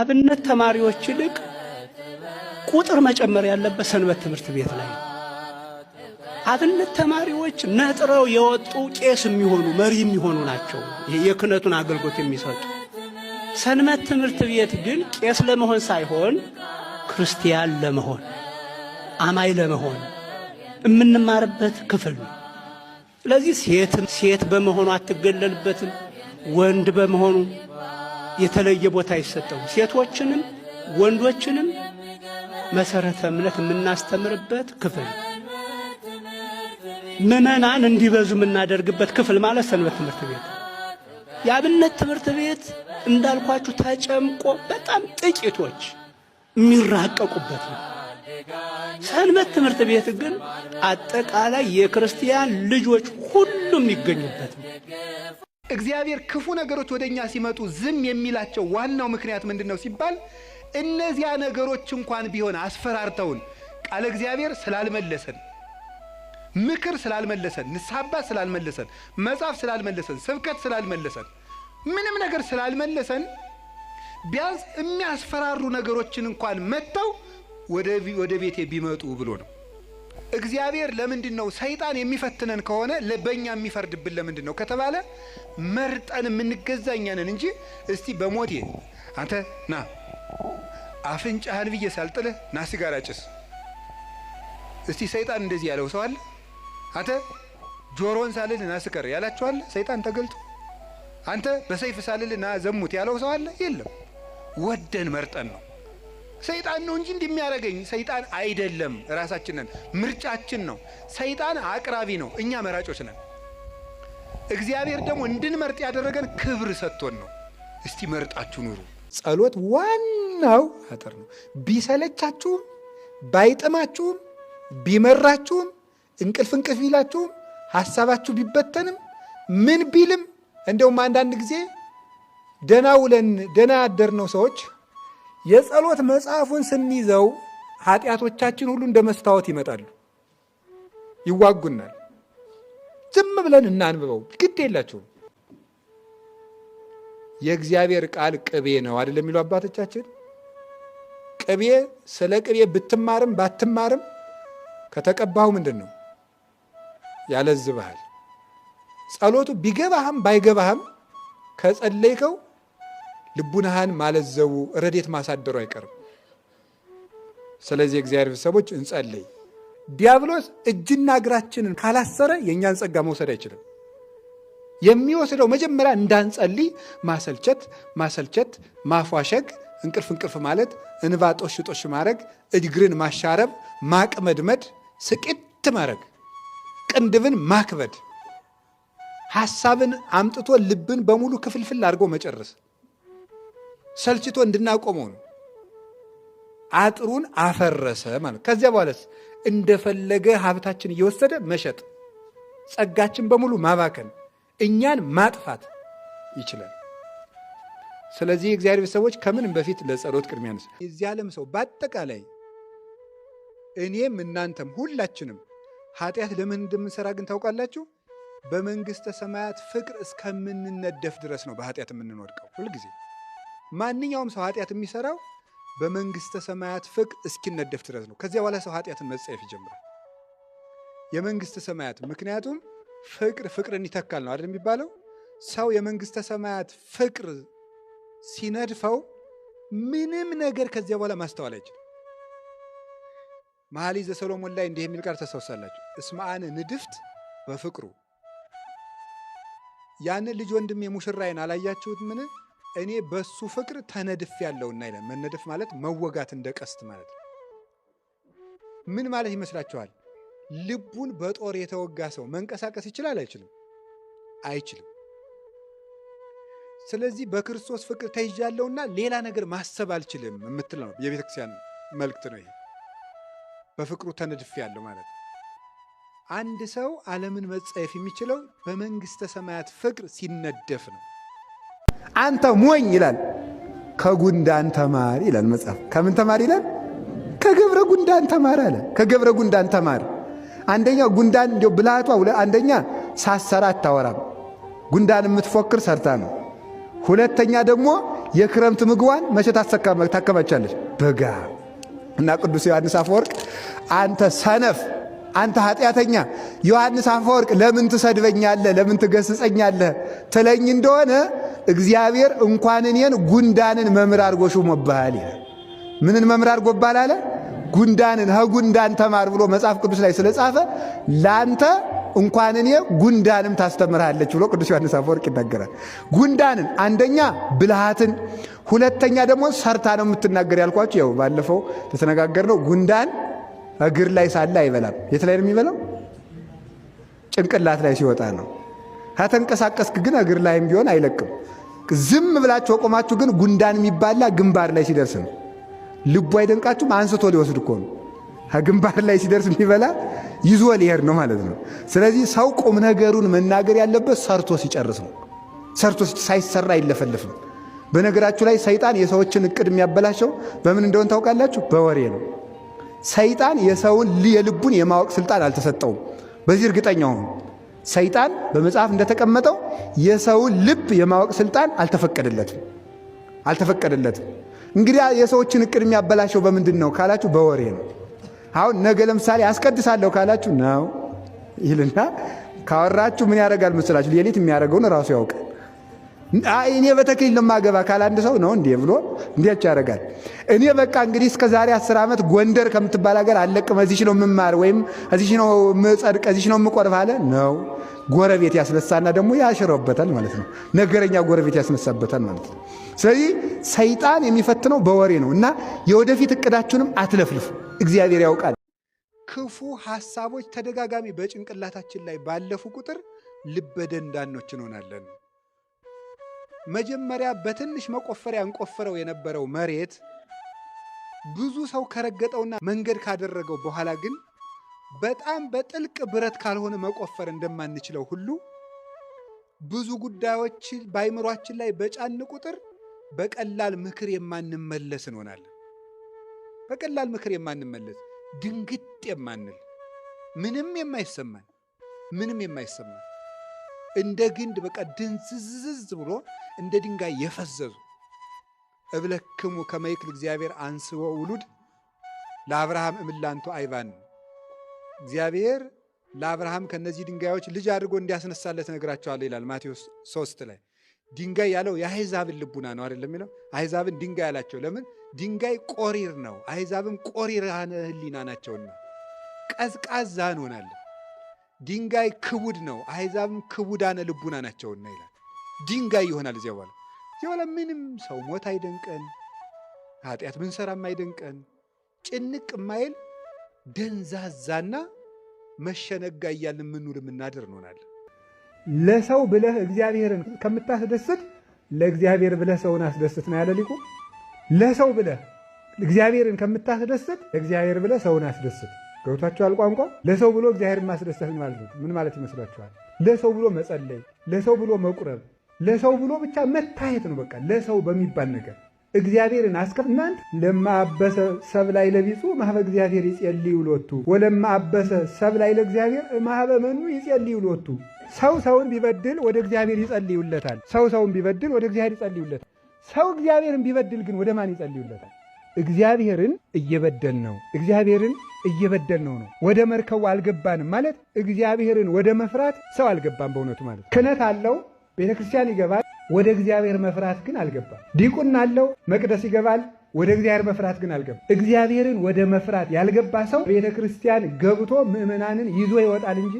አብነት ተማሪዎች ይልቅ ቁጥር መጨመር ያለበት ሰንበት ትምህርት ቤት ላይ አብነት ተማሪዎች ነጥረው የወጡ ቄስ የሚሆኑ መሪ የሚሆኑ ናቸው፣ የክህነቱን አገልግሎት የሚሰጡ። ሰንበት ትምህርት ቤት ግን ቄስ ለመሆን ሳይሆን ክርስቲያን ለመሆን አማይ ለመሆን የምንማርበት ክፍል ነው። ስለዚህ ሴትም ሴት በመሆኑ አትገለልበትም፣ ወንድ በመሆኑ የተለየ ቦታ ይሰጠው። ሴቶችንም ወንዶችንም መሰረተ እምነት የምናስተምርበት ክፍል ምእመናን እንዲበዙ የምናደርግበት ክፍል ማለት ሰንበት ትምህርት ቤት የአብነት ትምህርት ቤት እንዳልኳችሁ ተጨምቆ በጣም ጥቂቶች የሚራቀቁበት ነው። ሰንበት ትምህርት ቤት ግን አጠቃላይ የክርስቲያን ልጆች ሁሉም ይገኙበት ነው። እግዚአብሔር ክፉ ነገሮች ወደ እኛ ሲመጡ ዝም የሚላቸው ዋናው ምክንያት ምንድን ነው ሲባል እነዚያ ነገሮች እንኳን ቢሆን አስፈራርተውን ቃለ እግዚአብሔር ስላልመለሰን፣ ምክር ስላልመለሰን፣ ንስሐ አባት ስላልመለሰን፣ መጽሐፍ ስላልመለሰን፣ ስብከት ስላልመለሰን፣ ምንም ነገር ስላልመለሰን ቢያንስ የሚያስፈራሩ ነገሮችን እንኳን መጥተው ወደ ቤቴ ቢመጡ ብሎ ነው። እግዚአብሔር ለምንድን ነው ሰይጣን የሚፈትነን ከሆነ ለበኛ የሚፈርድብን ለምንድን ነው ከተባለ መርጠን የምንገዛ እኛ ነን እንጂ እስቲ በሞቴ አንተ ና አፍንጫህን ብዬ ሳልጥልህ ና ሲጋራ ጭስ። እስቲ ሰይጣን እንደዚህ ያለው ሰው አለ? አንተ ጆሮን ሳልልህ ና ስከር ያላችኋል ሰይጣን ተገልጦ። አንተ በሰይፍ ሳልልህ ና ዘሙት ያለው ሰው አለ? የለም። ወደን መርጠን ነው። ሰይጣን ነው እንጂ እንደሚያደርገኝ ሰይጣን አይደለም። ራሳችንን ምርጫችን ነው። ሰይጣን አቅራቢ ነው፣ እኛ መራጮች ነን። እግዚአብሔር ደግሞ እንድንመርጥ ያደረገን ክብር ሰጥቶን ነው። እስቲ መርጣችሁ ኑሩ። ጸሎት ዋናው አጥር ነው። ቢሰለቻችሁም፣ ባይጥማችሁም፣ ቢመራችሁም፣ እንቅልፍ እንቅልፍ ይላችሁም፣ ሀሳባችሁ ቢበተንም፣ ምን ቢልም እንደውም አንዳንድ ጊዜ ደና ውለን ደና ያደርነው ሰዎች የጸሎት መጽሐፉን ስንይዘው ኃጢአቶቻችን ሁሉ እንደ መስታወት ይመጣሉ፣ ይዋጉናል። ዝም ብለን እናንብበው፣ ግድ የላቸውም። የእግዚአብሔር ቃል ቅቤ ነው አይደል የሚሉ አባቶቻችን። ቅቤ ስለ ቅቤ ብትማርም ባትማርም ከተቀባሁ ምንድን ነው ያለዝብሃል። ጸሎቱ ቢገባህም ባይገባህም ከጸለይከው ልቡናህን ማለዘቡ ረዴት ማሳደሩ አይቀርም። ስለዚህ እግዚአብሔር ቤተሰቦች እንጸልይ። ዲያብሎስ እጅና እግራችንን ካላሰረ የእኛን ጸጋ መውሰድ አይችልም። የሚወስደው መጀመሪያ እንዳንጸልይ ማሰልቸት፣ ማሰልቸት፣ ማፏሸግ፣ እንቅልፍ እንቅልፍ ማለት፣ እንባ ጦሽ ጦሽ ማድረግ፣ እግርን ማሻረብ፣ ማቅመድመድ፣ ስቅት ማድረግ፣ ቅንድብን ማክበድ፣ ሐሳብን አምጥቶ ልብን በሙሉ ክፍልፍል አድርጎ መጨረስ ሰልችቶ እንድናቆመው ነው። አጥሩን አፈረሰ ማለት። ከዚያ በኋላስ እንደፈለገ ሀብታችን እየወሰደ መሸጥ፣ ጸጋችን በሙሉ ማባከን፣ እኛን ማጥፋት ይችላል። ስለዚህ እግዚአብሔር ሰዎች ከምንም በፊት ለጸሎት ቅድሚያ ነስ የዚህ ዓለም ሰው በአጠቃላይ እኔም እናንተም ሁላችንም ኃጢአት ለምን እንደምንሰራ ግን ታውቃላችሁ? በመንግሥተ ሰማያት ፍቅር እስከምንነደፍ ድረስ ነው በኃጢአት የምንወድቀው ሁልጊዜ ማንኛውም ሰው ኃጢአት የሚሰራው በመንግስተ ሰማያት ፍቅ እስኪነደፍ ድረስ ነው። ከዚያ በኋላ ሰው ኃጢአትን መጸየፍ ይጀምራል። የመንግስተ ሰማያት ምክንያቱም ፍቅር ፍቅርን ይተካል ነው አይደል የሚባለው። ሰው የመንግስተ ሰማያት ፍቅር ሲነድፈው ምንም ነገር ከዚያ በኋላ ማስተዋል አይችልም። መኃልየ ዘሰሎሞን ላይ እንዲህ የሚል ቃል ተሰውሳላችሁ እስማአነ ንድፍት በፍቅሩ ያንን ልጅ ወንድም የሙሽራዬን አላያችሁት ምን እኔ በሱ ፍቅር ተነድፍ ያለውና ይለ መነደፍ ማለት መወጋት እንደ ቀስት ማለት ነው። ምን ማለት ይመስላችኋል? ልቡን በጦር የተወጋ ሰው መንቀሳቀስ ይችላል አይችልም? አይችልም። ስለዚህ በክርስቶስ ፍቅር ተይዣለሁና ሌላ ነገር ማሰብ አልችልም የምትል ነው የቤተክርስቲያን መልክት ነው ይሄ። በፍቅሩ ተነድፍ ያለው ማለት አንድ ሰው ዓለምን መጸየፍ የሚችለው በመንግስተ ሰማያት ፍቅር ሲነደፍ ነው። አንተ ሞኝ ይላል። ከጉንዳን ተማር ይላል መጽሐፍ። ከምን ተማር ይላል? ከገብረ ጉንዳን ተማር አለ። ከገብረ ጉንዳን ተማር። አንደኛ ጉንዳን እንዲ ብልሃቷ፣ አንደኛ ሳሰራ አታወራም። ጉንዳን የምትፎክር ሰርታ ነው። ሁለተኛ ደግሞ የክረምት ምግቧን መቼ ታከማቻለች? በጋ እና ቅዱስ ዮሐንስ አፈወርቅ አንተ ሰነፍ አንተ ኃጢአተኛ ዮሐንስ አፈወርቅ ለምን ትሰድበኛለህ? ለምን ትገስጸኛለህ? ትለኝ እንደሆነ እግዚአብሔር እንኳን እኔን ጉንዳንን መምህር አድርጎ ሾሞብሃል ይላል። ምንን መምህር አድርጎብሃል አለ? ጉንዳንን። ሀጉንዳን ተማር ብሎ መጽሐፍ ቅዱስ ላይ ስለጻፈ ላንተ እንኳን እኔ ጉንዳንም ታስተምርሃለች ብሎ ቅዱስ ዮሐንስ አፈወርቅ ይናገራል። ጉንዳንን አንደኛ ብልሃትን፣ ሁለተኛ ደግሞ ሰርታ ነው የምትናገር ያልኳቸው። ያው ባለፈው ነው ጉንዳን እግር ላይ ሳለ አይበላም። የት ላይ ነው የሚበላው? ጭንቅላት ላይ ሲወጣ ነው። ከተንቀሳቀስክ ግን እግር ላይም ቢሆን አይለቅም። ዝም ብላችሁ ቆማችሁ ግን ጉንዳን የሚባላ ግንባር ላይ ሲደርስ ነው። ልቡ አይደንቃችሁም? አንስቶ ሊወስድ እኮ ነው። ከግንባር ላይ ሲደርስ የሚበላ ይዞ ሊሄድ ነው ማለት ነው። ስለዚህ ሰው ቁም ነገሩን መናገር ያለበት ሰርቶ ሲጨርስ ነው። ሰርቶ ሳይሰራ አይለፈልፍም። በነገራችሁ ላይ ሰይጣን የሰዎችን እቅድ የሚያበላሸው በምን እንደሆን ታውቃላችሁ? በወሬ ነው። ሰይጣን የሰውን የልቡን የማወቅ ስልጣን አልተሰጠውም። በዚህ እርግጠኛ ሆኑ። ሰይጣን በመጽሐፍ እንደተቀመጠው የሰውን ልብ የማወቅ ስልጣን አልተፈቀደለትም አልተፈቀደለትም። እንግዲህ የሰዎችን እቅድ የሚያበላሸው በምንድን ነው ካላችሁ በወሬ ነው። አሁን ነገ ለምሳሌ አስቀድሳለሁ ካላችሁ ነው ይልና ካወራችሁ ምን ያደርጋል መስላችሁ? ሌሊት የሚያደርገውን ራሱ ያውቃል። እኔ በተክሊል ለማገባ ካል አንድ ሰው ነው እንዴ ብሎ እንዲያች ያደርጋል። እኔ በቃ እንግዲህ እስከ ዛሬ አስር ዓመት ጎንደር ከምትባል ሀገር አለቅም፣ እዚች ነው የምማር ወይም እዚች ነው የምጸድቅ፣ እዚች ነው የምቆርብ አለ ነው። ጎረቤት ያስነሳና ደግሞ ያሽረበታል ማለት ነው። ነገረኛ ጎረቤት ያስነሳበታል ማለት ነው። ስለዚህ ሰይጣን የሚፈትነው በወሬ ነው እና የወደፊት እቅዳችሁንም አትለፍልፍ፣ እግዚአብሔር ያውቃል። ክፉ ሀሳቦች ተደጋጋሚ በጭንቅላታችን ላይ ባለፉ ቁጥር ልበደንዳኖች እንሆናለን። መጀመሪያ በትንሽ መቆፈሪያ እንቆፍረው የነበረው መሬት ብዙ ሰው ከረገጠውና መንገድ ካደረገው በኋላ ግን በጣም በጥልቅ ብረት ካልሆነ መቆፈር እንደማንችለው ሁሉ ብዙ ጉዳዮች በአይምሯችን ላይ በጫን ቁጥር በቀላል ምክር የማንመለስ እንሆናለን። በቀላል ምክር የማንመለስ ድንግጥ የማንል ምንም የማይሰማን ምንም የማይሰማን እንደ ግንድ በቃ ድንዝዝዝ ብሎ እንደ ድንጋይ የፈዘዙ እብለክሙ ከመይክል እግዚአብሔር አንስቦ ውሉድ ለአብርሃም እምላንቶ አይባን እግዚአብሔር ለአብርሃም ከነዚህ ድንጋዮች ልጅ አድርጎ እንዲያስነሳለት ነግራቸዋለሁ ይላል ማቴዎስ ሶስት ላይ ድንጋይ ያለው የአሕዛብን ልቡና ነው አይደለም የሚለው አሕዛብን ድንጋይ አላቸው ለምን ድንጋይ ቆሪር ነው አሕዛብም ቆሪራነ ህሊና ናቸውና ቀዝቃዛ እንሆናለን ድንጋይ ክቡድ ነው፣ አሕዛብም ክቡዳነ ልቡና ናቸውና ይላል። ድንጋይ ይሆናል እዚያ በኋላ እዚያ በኋላ ምንም ሰው ሞት አይደንቀን፣ ኃጢአት ብንሰራም አይደንቀን፣ ጭንቅ ማይል ደንዛዛና መሸነጋ እያልን የምንውል የምናድር እንሆናለን። ለሰው ብለህ እግዚአብሔርን ከምታስደስት ለእግዚአብሔር ብለህ ሰውን አስደስት ነው ያለ ሊቁ። ለሰው ብለህ እግዚአብሔርን ከምታስደስት ለእግዚአብሔር ብለህ ሰውን አስደስት ገብቷችኋል? ቋንቋ ለሰው ብሎ እግዚአብሔር ማስደሰት ማለት ነው። ምን ማለት ይመስላችኋል? ለሰው ብሎ መጸለይ፣ ለሰው ብሎ መቁረብ፣ ለሰው ብሎ ብቻ መታየት ነው። በቃ ለሰው በሚባል ነገር እግዚአብሔርን አስከፍ እናንተ ለማበሰ ሰብ ላይ ለቢጹ ማህበ እግዚአብሔር ይጸልዩ ሎቱ ወለማበሰ ሰብ ላይ ለእግዚአብሔር ማህበ መኑ ይጸልዩ ሎቱ። ሰው ሰውን ቢበድል ወደ እግዚአብሔር ይጸልዩለታል። ሰው ሰውን ቢበድል ወደ እግዚአብሔር ይጸልዩለታል። ሰው እግዚአብሔርን ቢበድል ግን ወደ ማን ይጸልዩለታል? እግዚአብሔርን እየበደል ነው እግዚአብሔርን እየበደል ነው ነው ወደ መርከቡ አልገባንም ማለት እግዚአብሔርን ወደ መፍራት ሰው አልገባም። በእውነቱ ማለት ክህነት አለው፣ ቤተ ክርስቲያን ይገባል፣ ወደ እግዚአብሔር መፍራት ግን አልገባም። ዲቁና አለው፣ መቅደስ ይገባል፣ ወደ እግዚአብሔር መፍራት ግን አልገባም። እግዚአብሔርን ወደ መፍራት ያልገባ ሰው ቤተ ክርስቲያን ገብቶ ምዕመናንን ይዞ ይወጣል እንጂ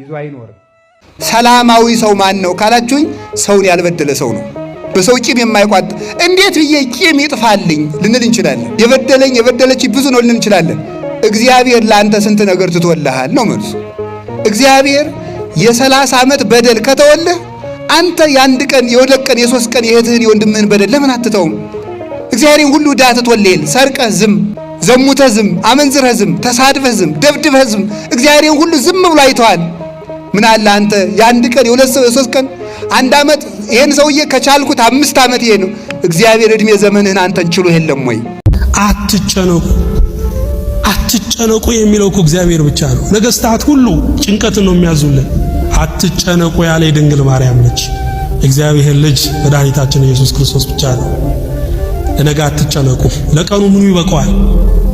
ይዞ አይኖርም። ሰላማዊ ሰው ማን ነው ካላችሁኝ፣ ሰውን ያልበደለ ሰው ነው። በሰው ቂም የማይቋጥ እንዴት ብዬ ቂም ይጥፋልኝ ልንል እንችላለን። የበደለኝ የበደለች ብዙ ነው ልንል እንችላለን። እግዚአብሔር ለአንተ ስንት ነገር ትቶልሃል ነው መልሱ። እግዚአብሔር የሰላሳ ዓመት በደል ከተወልህ አንተ የአንድ ቀን የሁለት ቀን የሶስት ቀን የእህትህን የወንድምህን በደል ለምን አትተውም? እግዚአብሔርን ሁሉ ዕዳ ትቶልሃል። ሰርቀህ ዝም፣ ዘሙተህ ዝም፣ አመንዝረህ ዝም፣ ተሳድፈህ ዝም፣ ደብድበህ ዝም፣ እግዚአብሔርን ሁሉ ዝም ብሎ አይተዋል። ምን አለ አንተ የአንድ ቀን የሁለት ሰው የሶስት ቀን አንድ አመት ይሄን ሰውዬ ከቻልኩት አምስት ዓመት ይሄ ነው። እግዚአብሔር እድሜ ዘመንህን አንተን ችሎ የለም ወይ? አትጨነቁ አትጨነቁ የሚለው እግዚአብሔር ብቻ ነው። ነገስታት ሁሉ ጭንቀትን ነው የሚያዙልን። አትጨነቁ ያለ የድንግል ማርያም ነች። እግዚአብሔር ልጅ መድኃኒታችን ኢየሱስ ክርስቶስ ብቻ ነው። ለነገ አትጨነቁ፣ ለቀኑ ምኑ ይበቃዋል።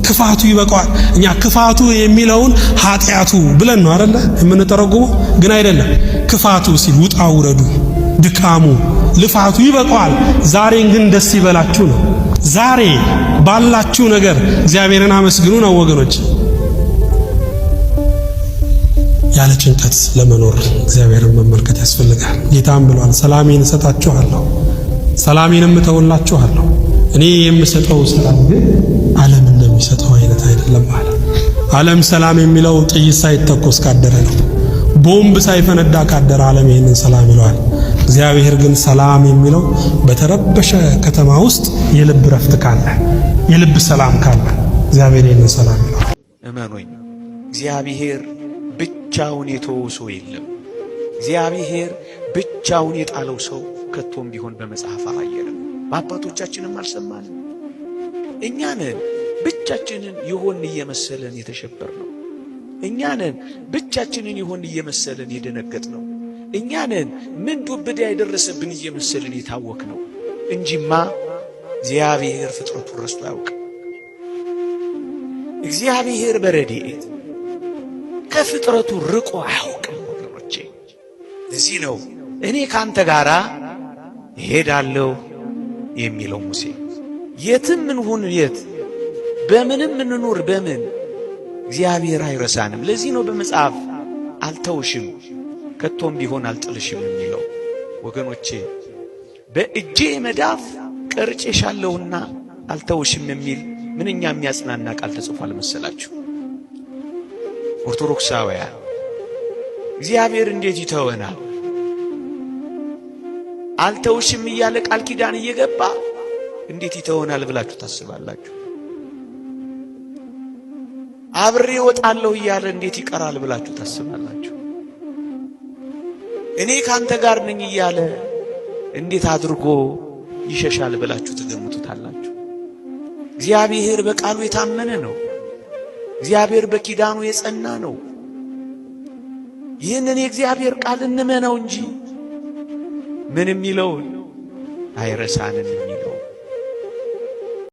ክፋቱ ይበቃዋል። እኛ ክፋቱ የሚለውን ኃጢአቱ ብለን ነው አይደለ የምንተረጉመው? ግን አይደለም። ክፋቱ ሲል ውጣ ውረዱ፣ ድካሙ፣ ልፋቱ ይበቃዋል። ዛሬን ግን ደስ ይበላችሁ ነው። ዛሬ ባላችሁ ነገር እግዚአብሔርን አመስግኑ ነው ወገኖች። ያለ ጭንቀት ለመኖር እግዚአብሔርን መመልከት ያስፈልጋል። ጌታም ብሏል፣ ሰላሜን እሰጣችኋለሁ፣ ሰላሜንም እተውላችኋለሁ እኔ የምሰጠው ሰላም ግን ዓለም እንደሚሰጠው አይነት አይደለም አለ። ዓለም ሰላም የሚለው ጥይት ሳይተኮስ ካደረ ነው። ቦምብ ሳይፈነዳ ካደረ ዓለም ይህንን ሰላም ይለዋል። እግዚአብሔር ግን ሰላም የሚለው በተረበሸ ከተማ ውስጥ የልብ ረፍት ካለ፣ የልብ ሰላም ካለ እግዚአብሔር ይህንን ሰላም ይለዋል። እመኖኝ እግዚአብሔር ብቻውን የተወው ሰው የለም። እግዚአብሔር ብቻውን የጣለው ሰው ከቶም ቢሆን በመጽሐፍ አላየንም። በአባቶቻችንም አልሰማንም። እኛንን ብቻችንን የሆን እየመሰለን የተሸበር ነው። እኛንን ብቻችንን ይሆን እየመሰለን የደነገጥ ነው። እኛንን ምን ዱብዳ ያደረሰብን እየመሰልን የታወክ ነው እንጂማ እግዚአብሔር ፍጥረቱ ረስቶ አያውቅም። እግዚአብሔር በረድኤት ከፍጥረቱ ርቆ አያውቅም። ወገኖቼ እዚህ ነው እኔ ካንተ ጋራ እሄዳለሁ የሚለው ሙሴ የትም እንሁን የት በምንም እንኑር በምን እግዚአብሔር አይረሳንም። ለዚህ ነው በመጽሐፍ አልተውሽም ከቶም ቢሆን አልጥልሽም የሚለው። ወገኖቼ በእጄ መዳፍ ቀርጬሻለሁና አልተውሽም የሚል ምንኛ የሚያጽናና ቃል ተጽፏል መሰላችሁ? ኦርቶዶክሳውያን እግዚአብሔር እንዴት ይተወናል? አልተውሽም እያለ ቃል ኪዳን እየገባ እንዴት ይተሆናል ብላችሁ ታስባላችሁ? አብሬ ወጣለሁ እያለ እንዴት ይቀራል ብላችሁ ታስባላችሁ? እኔ ካንተ ጋር ነኝ እያለ እንዴት አድርጎ ይሸሻል ብላችሁ ትገምቱታላችሁ? እግዚአብሔር በቃሉ የታመነ ነው። እግዚአብሔር በኪዳኑ የጸና ነው። ይህንን የእግዚአብሔር ቃል እንመነው እንጂ ምን የሚለውን አይረሳንም።